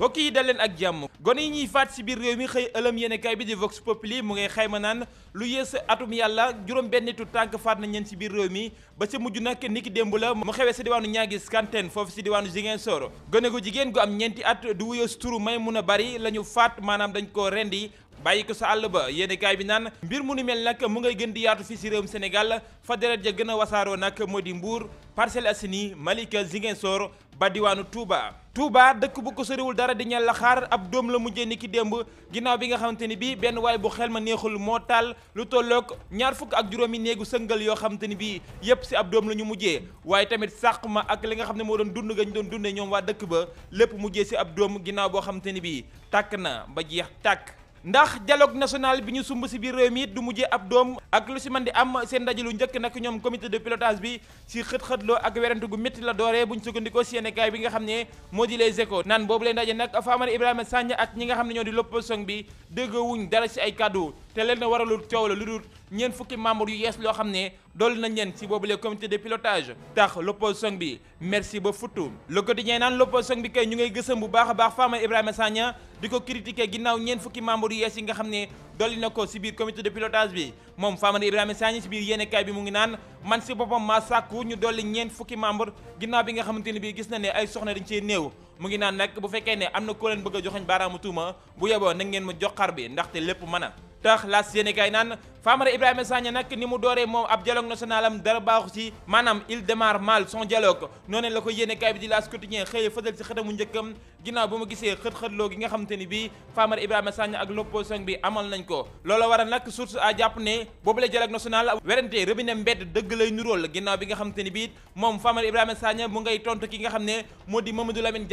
mbokk yi dal leen ak jàmm gone yi ñuy faat si biir réew mi xëy ëlëm yéenekaay bi di Vox Populi mu ngay xayma naan lu yées atum yàlla juróom benn tu tànk faat na leen si biir réew mi ba sa mujj nag ni ki démb la mu xewee si diwaanu ñaagis kanteen foofu si diwaanu Ziguinchor gone gu jigéen gu am ñeenti at du wuyoo si turu Maymuna Bari la ñu faat maanaam dañ koo rendi bàyyi ko sa àll ba yéenekaay bi naan mbir mu nu mel nag mu ngay gën di yaatu fii si réewum Sénégal fa deret ja gën a wasaaroo nag moo di Mbour Parcelles Assainies Malika Ziguinchor ba diwaanu Touba. Touba dëkk bu ko soriwul dara di ñel la xaar ab doom la mujjee ni ki démb ginnaaw bi nga xamante ni bii benn waay bu xel ma neexul moo tal lu tolloog ñaar fukk ak juróomi néegu sëngal yoo xamante ni bii yépp si ab doom la ñu mujjee waaye tamit sàq ma ak li nga xam ne moo doon dund nga ñu doon dundee ñoom waa dëkk ba lépp mujjee si ab doom ginnaaw boo xamante ni bii tàkk na ba jeex tàkk ndax dialogue national bi ñu sumb si biir réew mi it du mujjee ab doom ak lu si man di am seen ndaje lu njëkk nag ñoom comité de pilotage bi si xët-xëtloo ak werante gu métti la dooree buñ sukkandikoo si yéenekaay bi nga xam ne moo di Les Échos naan boobu lay ndaje nag Famara Ibrahima Sagna ak ñi nga xam ne ñoo di l'opposition bi déggoowuñ dara si ay kàddu te leen waralu waralul coow la lu dul ñeent fukki membres yu yees loo xam ne dolli nañ leen ci boobu le comité de pilotage tax l'opposition bi merci ba futtu le naan l'opposition bi kay ñu ngay bu baax a baax Fama Ibrahima Sagna di ko critiqué ginnaaw ñeent fukki membres yu yees yi nga xam ne dolli na ko ci biir comité de pilotage bi moom Fama Ibrahima Sagna ci biir yéenekaay bi mu ngi naan man ci boppam maa sàkku ñu dolli ñeent fukki membre ginnaaw bi nga xamante ne bii gis na ne ay soxna dañ cee néew mu ngi naan nag bu fekkee ne am na ko leen bëgg a joxoñ baaraamu tuuma bu na ngeen ma jox xar bi ndaxte lépp mën a tax laas yéene kaay naan Famara Ibrahima Sagna nag ni mu dooree moom ab dialogue national am dara baaxu ci maanaam il démarre mal son dialogue noonu la ko yéene kaay bi di L'As Quotidien xëy fësal ci xëtamu njëkkam ginnaaw ba mu gisee xët-xëtloo gi nga xamante ni bii Famara Ibrahima Sagna ak l'opposition bi amal nañ ko loola waral nag source a jàpp ne boobu la dialogue national werante robinet mbedd dëgg lay nuróol ginnaaw bi nga xamante ni bii moom Famara Ibrahima Sagna mu ngay tontu ki nga xam ne moo di Mamadou Lamine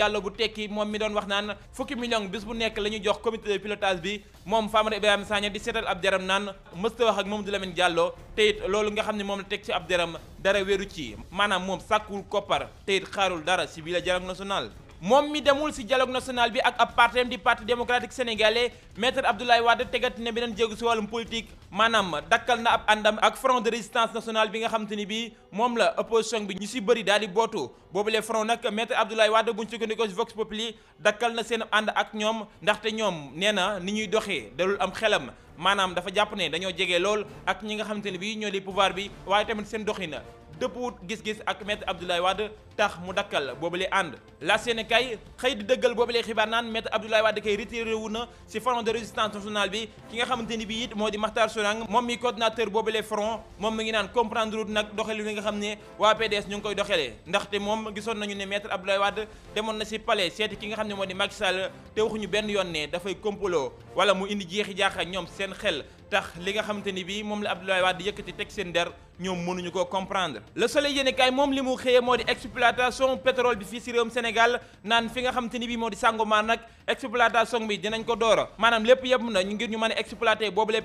moom mi doon wax naan fukki million bis nekk la ñuy jox comité de pilotage bi moom Famara Ibrahima Sagna di seetal musta wax ak Mamadou Lamine Diallo te it loolu nga xam ne moom la teg ci ab deram dara wéru ci maanaam moom sàkkul koppar te xaarul dara si bii la national moom mi demul si dialogue national bi ak ab partem di parti démocratique sénégalais maître Abdoulaye Wade tegati na beneen jéego si wàllum politique maanaam dakkal na ab àndam ak front de résistance nationale bi nga xam te ni bii moom la opposition bi ñu si bëri daal di bootu boobu les front nag maître Abdoulaye Wade bu ñu sukkandikoo si Vox Populi dakkal na seen ànd ak ñoom ndaxte ñoom nee na ni ñuy doxee dalul am xelam maanaam dafa jàpp ne dañoo jege lool ak ñi nga xamante ne bii ñoo di pouvoir bi waaye tamit seen doxina dëppwut gis-gis ak maître Abdoulaye Wade tax mu dakkal boobu lee ànd la seen kay xëy di dëggal boobu lee xibaar naan maître Abdoulaye Wade kay retiré wu na ci front de résistance nationale bi ki nga xamante ni bii it moo di Makhtar Sourang moom mi coordinateur boobu lee front moom mi ngi naan comprendre wut nag doxali li nga xam ne waa PDS ñu ngi koy doxalee ndaxte moom gisoon nañu ne maître Abdoulaye Wade demoon na ci palais seeti ki nga xam ne moo di Macky Sall te benn yoon ne dafay complot wala mu indi jeexi jaax ak ñoom seet seen xel tax li nga xamante ni bii moom la Abdoulaye Wade yëkkati teg seen der ñoom mënuñu ko comprendre le soleil yéen moom li mu xëyee moo di exploitation pétrole bi fii si réewum Sénégal naan fi nga xamante ni bii moo di Sangomar nag exploitation bi dinañ ko doora maanaam lépp yëpp na ngir ñu mën a exploiter boobule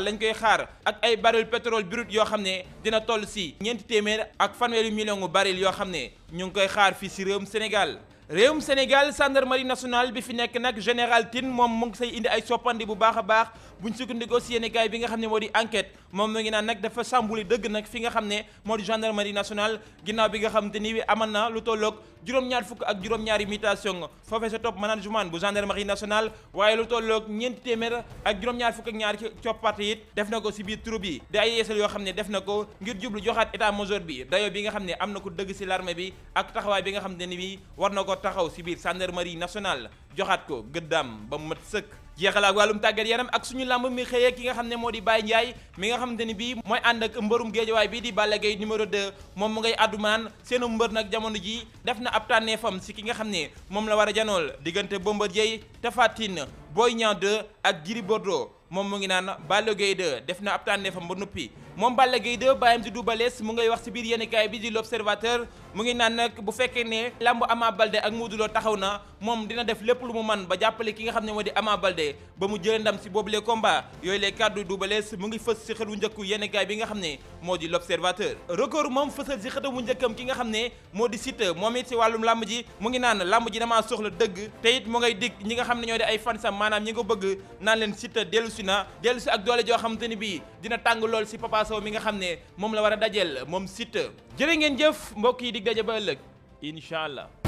lañ koy xaar ak ay baril pétrole brut yoo xam ne dina toll si ñeenti téeméer ak fanweeri million baril yoo xam ne ñu ngi koy réewum Sénégal gendarmerie nationale bi fi nekk nag général Tine moom mu ngi say indi ay soppandi bu baax a baax buñ sukkandikoo si yéenekaay bi nga xam ne moo di enquête moom mu ngi naan nag dafa sàmbuli dëgg nag fi nga xam ne moo di gendarmerie nationale ginnaaw bi nga xam te ni amal na lu tolloog juróom-ñaar fukk ak juróom-ñaari mutation foofee sa topp management bu gendarmerie nationale waaye lu tolloog ñeenti téeméer ak juróom-ñaar fukk ñaar ci def na ko si biir troupe yi yoo xam ne def na ko ngir jublu joxaat état major bi dayo bi nga xam ne am na ko dëgg si l'armée bi ak taxawaay bi nga xam ne ni bi war na ko taxaw si biir gendarmerie nationale joxaat ko gëddaam ba mu mat sëkk jeexal wàllum tàggat yaram ak suñu làmb mi xëyee ki nga xam ne moo di Baye Ndiaye mi nga xamante ni bii mooy ànd ak mbërum géejawaay bii di Balla Gaye numéro de moom mu ngay addumaan seen mbër nag jamono ji def na ab tànneefam si ki nga xam ne moom la war a janool diggante Bombardier Tapha Tine Boy Niang 2 ak Gris Bordeaux moom mu ngi naan Balla Gaye 2 def na ab tànneefam ba noppi moom Balla Gaye 2 bàyyam di Double Less mu ngay wax ci biir yéenekaay bi di l'Observateur mu ngi naan nag bu fekkee ne lamb Ama Baldé ak Modou Lo taxaw na moom dina def lépp lu mu man ba jàppale ki nga xam ne moo di amaa Baldé ba mu jëlee ndam ci boobule combat yooyu les kàddu Double Less mu ngi fës ci xelu njëkku yéenekaay bi nga xam ne moo di l'observateur record moom fësal si xëtam mu njëkkam ki nga xam ne moo di Siteu moom it si wàllum làmb ji mu ngi naan làmb ji damaa soxla dëgg te it mu ngay dig ñi nga xam ne ñoo di ay fansam maanaam ñi nga bëgg naan leen Siteu dellu si na dellu si ak doole joo xamante ni bii dina tàng lool si Papa mi nga xam ne moom la war a dajeel moom Siteu jërë ngeen jëf mbokk yi dig daje ba ëllëg incha allah